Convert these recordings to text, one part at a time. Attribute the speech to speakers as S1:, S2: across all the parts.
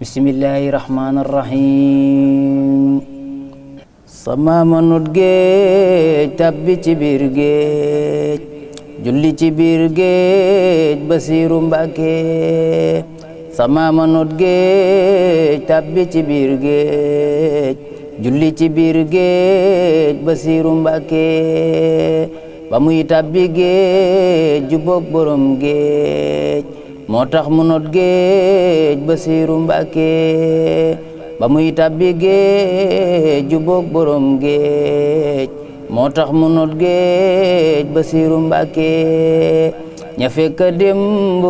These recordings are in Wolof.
S1: bismillaahi rahmaani rahiim sama manut géej tabbi ci biir géej julli ci biir géej basiiru mbàkke sama manut géej tabbi ci biir géej julli ci biir géej basiiru mbàkke ba muy tabbi géej jubóog borom géej moo tax mu not géej Basiiru Mbàkke ba muy tàbbi géej jubóog borom géej moo tax mu not géej Basiiru Mbàkke ña fekk démb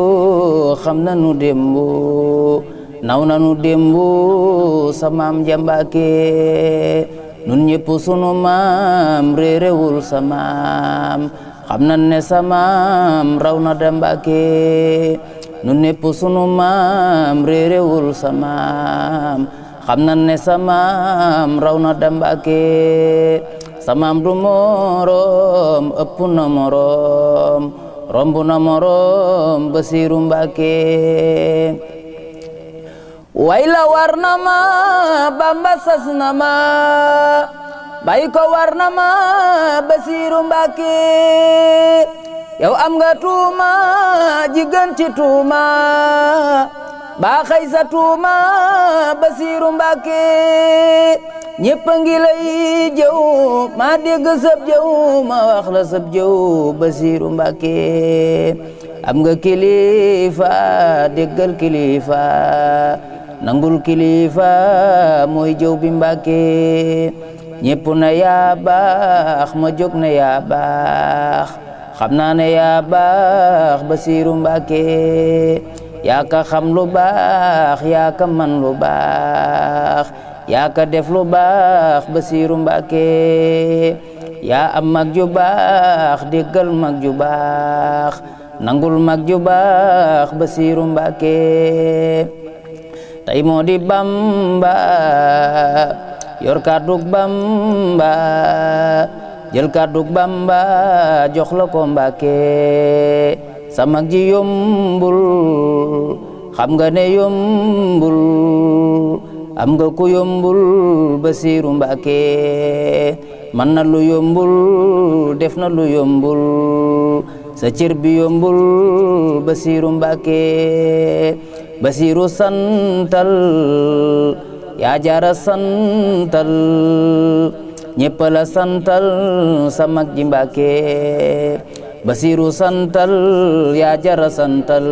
S1: xam nanu démb naw nanu démb sa maam ja Mbàkke nun ñëpp sunu maam réerewul sa xam nan ne sa raw na da Mbàkke nu népp sunu maam réeréwul sa maam xam na ne sa raw na dambake sa maam du morom ëpp na morom romb na morom basiru mbake wayla war na ma bamba sas na ma bay ko war na ma basiru mbake yow am nga tuuma ji tuuma baa xëy tuuma Basiiru Mbàkke ñëpp a ngi lay jëw maa dégg sab jëw ma wax sab jëw Basiiru Mbàkke am nga kilifa déggal kilifa nangul kilifa mooy jëw bi Mbàkke ñëpp na yaa baax ma jóg yaa baax xam naa ne yaa baax Basiiru Mbàkke yaa ka xam lu baax yaa ka man lu baax yaa ka def lu baax Basiiru Mbàkke yaa am mag ju baax déggal mag ju baax nangul mag ju baax Basiiru Mbàkke tey moo di Bamba yor kàddug Bamba jël kàddug Bamba jox la ko Mbàkke sa mag ji yombul xam nga ne yombul am nga ku yombul Basiiru Mbàkke man na lu yombul def na lu yombul sa cër bi yombul Basiiru Mbàkke Basiiru santal yaa jara santal ñëpp la santal sa mag ji Basiru santal yaa jara santal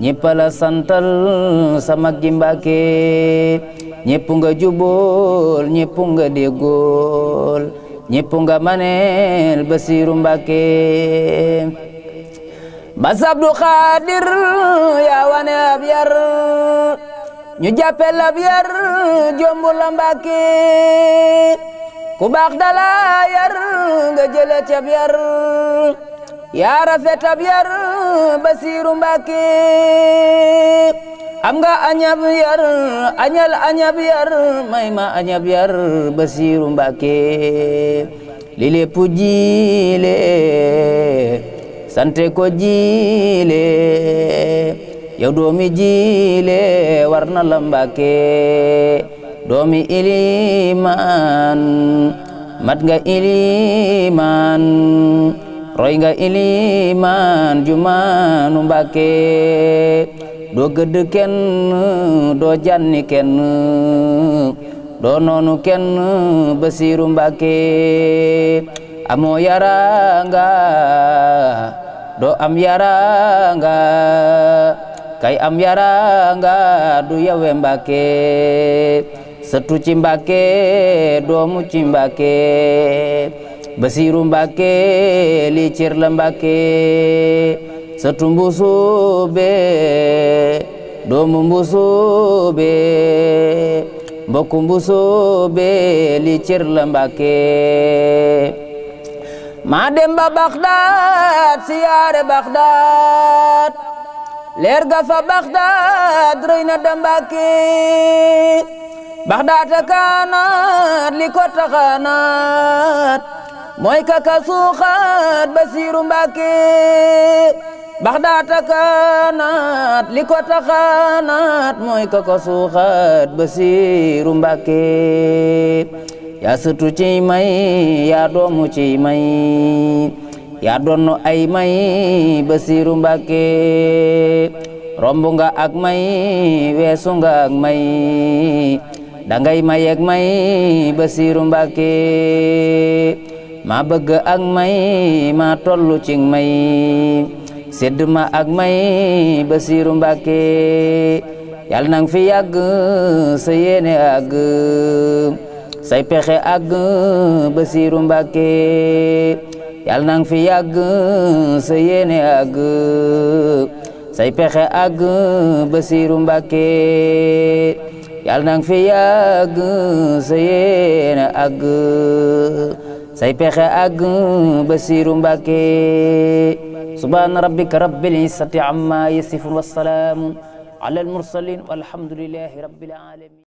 S1: ñëpp santal sa mag ji Mbàkke ñëpp nga jubool nga déggool nga maneel Basiru Mbàkke Bas Abdu yaa wane ab ñu jàppe lab yar jombu ku baax dala yar nga jële cab yar yaa rafet yar Basiiru Mbàkke am nga añab yar añal añab yar may ma añab yar Basiiru Mbàkke li jiile sante ko jiile yow doomi jiile war na la doomi iliman mat nga iliman roy nga iliman jumaanu Mbàkke doo gëdd kenn doo janni kenn doo noonu kenn Basiiru Mbàkke amoo yaranga doo am yaranga kay am yaranga du yawe Mbàkke sëtu ci Mbàkke doomu ci Mbàkke Basiiru Mbàkke lii cër la Mbàkke sëtu mbuusube doomu mbuusube mbokku mbuusube lii cër la Mbàkke maa dem ba Baxdaad siyaare Baxdaad leer ga fa rëy na da Mbàkke baxdaata kaanaat li ko taxaanaat mooy kaka suuxaat basiiru mbàkke baxdaata kaanaat li ko taxaanaat mooy kaka suuxaat basiiru mbàkke yaa sëtu ciy may yaa doomu ciy may yaa donnu ay may basiiru mbàkke romb nga ak may weesu nga ak may da ngay may may Basiiru Mbàkke ma bëgg ak may ma tollu ci may sedd ma ak may Basiiru Mbàkke yàlla nang fi yàgg sa yéene àgg say pexe àgg Basiiru Mbàkke yàlla nang fi yàgg sa yéene àgg say pexe àgg Basiiru Mbàkke yàlla na nga fi yàgg say yéene àgg say pexe àgg Basiiru Mbàkke subhaana rabbika rabbil izzati amma yasifun wa salaamun ala al mursalin walhamdulillahi rabbil alamin